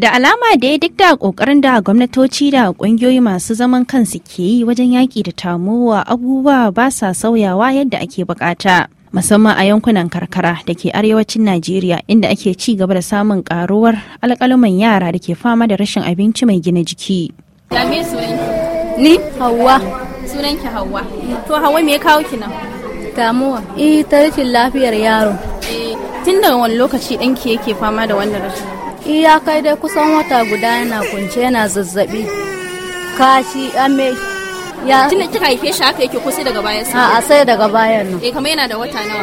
Da alama da ya duk da kokarin da gwamnatoci da kungiyoyi masu zaman kansu ke yi wajen yaki da tamowa abubuwa ba sa sauyawa yadda ake bukata. musamman a yankunan karkara da ke arewacin Najeriya inda ake ci gaba da samun karuwar alkaluman yara da ke fama da rashin abinci mai gina jiki. Ni? lafiyar yaro. Eh, tun daga wani lokaci ɗanki yake fama da wannan rashin? iya kai dai kusan wata guda yana kunce yana zazzabi kashi ame ya tun kika haife shi haka yake kusa daga bayan sa a sai daga bayan nan eh kamar yana da wata nawa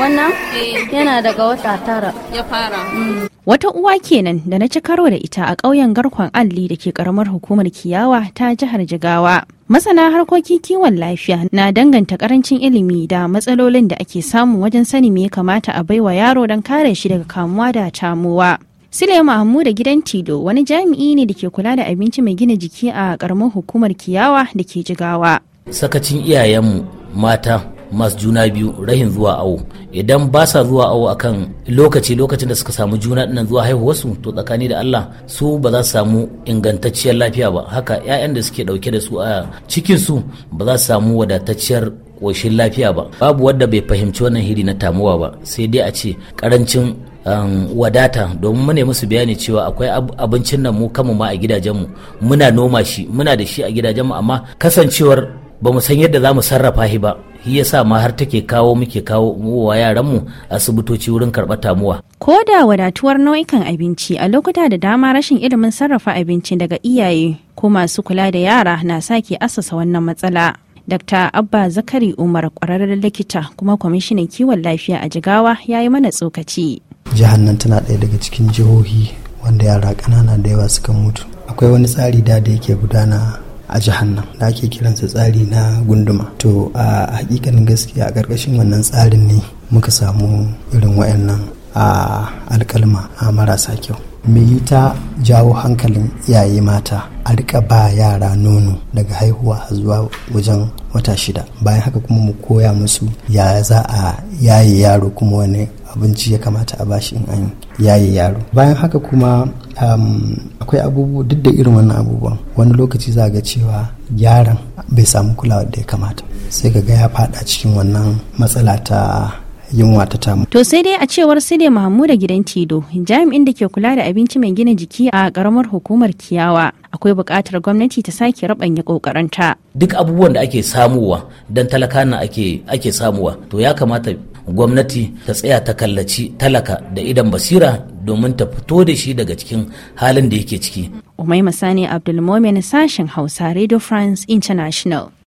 wannan eh. yana daga wata tara ya fara mm. Wata uwa kenan da na ci karo da ita a ƙauyen garkon alli da ke ƙaramar hukumar Kiyawa ta jihar Jigawa. Masana harkokin kiwon lafiya na danganta ƙarancin ilimi da matsalolin da ake samu wajen sani me ya kamata a baiwa yaro don kare shi daga kamuwa da tamuwa. Sule Mahmud da gidan Tido wani jami'i ne da ke kula da abinci mai gina jiki a karamar hukumar Kiyawa da ke Jigawa. Sakacin iyayenmu mata masu juna biyu rahin zuwa awo idan ba sa zuwa awo kan lokaci lokacin da suka samu juna dinnan zuwa haihuwarsu to tsakani da Allah su ba za su samu ingantacciyar lafiya ba haka 'ya'yan da suke dauke da su a cikin su ba za su samu wadatacciyar ƙoshin lafiya ba babu wadda bai fahimci wannan hiri na tamuwa ba sai dai a ce karancin Um, wadata domin mu ne musu bayani cewa akwai abincin nan mu kanmu ma a mu muna noma shi muna da shi a gidajen mu amma kasancewar ba mu san yadda za mu sarrafa shi ba shi yasa ma har take kawo muke kawo wa yaranmu asibitoci wurin karɓar tamuwa. Ko da wadatuwar nau'ikan abinci a lokuta da dama rashin ilimin sarrafa abinci daga iyaye ko masu kula da yara na sake asasa wannan matsala. Dr. Abba Zakari Umar kwararren likita kuma kwamishinan kiwon lafiya a Jigawa ya yi mana tsokaci. jihar nan tana ɗaya daga cikin jihohi wanda yara ƙanana da yawa suka mutu akwai wani tsari da da yake gudana a jihar nan da ake kiransa tsari na gunduma to a hakikanin gaskiya a ƙarƙashin wannan tsarin ne muka samu irin wayannan a alkalma a marasa kyau Me yi ta jawo hankalin iyaye mata a rika ba yara nono daga haihuwa zuwa wajen wata shida bayan haka kuma mu koya musu ya za a yaye yaro kuma wani abinci ya kamata a bashi in an yaye yaro bayan haka kuma um, akwai abubuwa duk da irin wannan abubuwan wani lokaci za ga cewa yaron bai samu kulawa da ya kamata sai ga ya faɗa cikin wannan matsala ta yunwa ta tamu. To sai dai a cewar Sule Mahmuda gidan Tido, jami'in da ke kula da abinci mai gina jiki a karamar hukumar Kiyawa. Akwai buƙatar gwamnati ta sake rabanya ƙoƙarinta. Duk abubuwan da ake samuwa don talaka na ake, ake samuwa, to ya kamata gwamnati ta tsaya ta kallaci talaka da idan basira domin ta fito da shi daga cikin halin da yake ciki. Umai Masani Abdulmomin sashen Hausa Radio France International.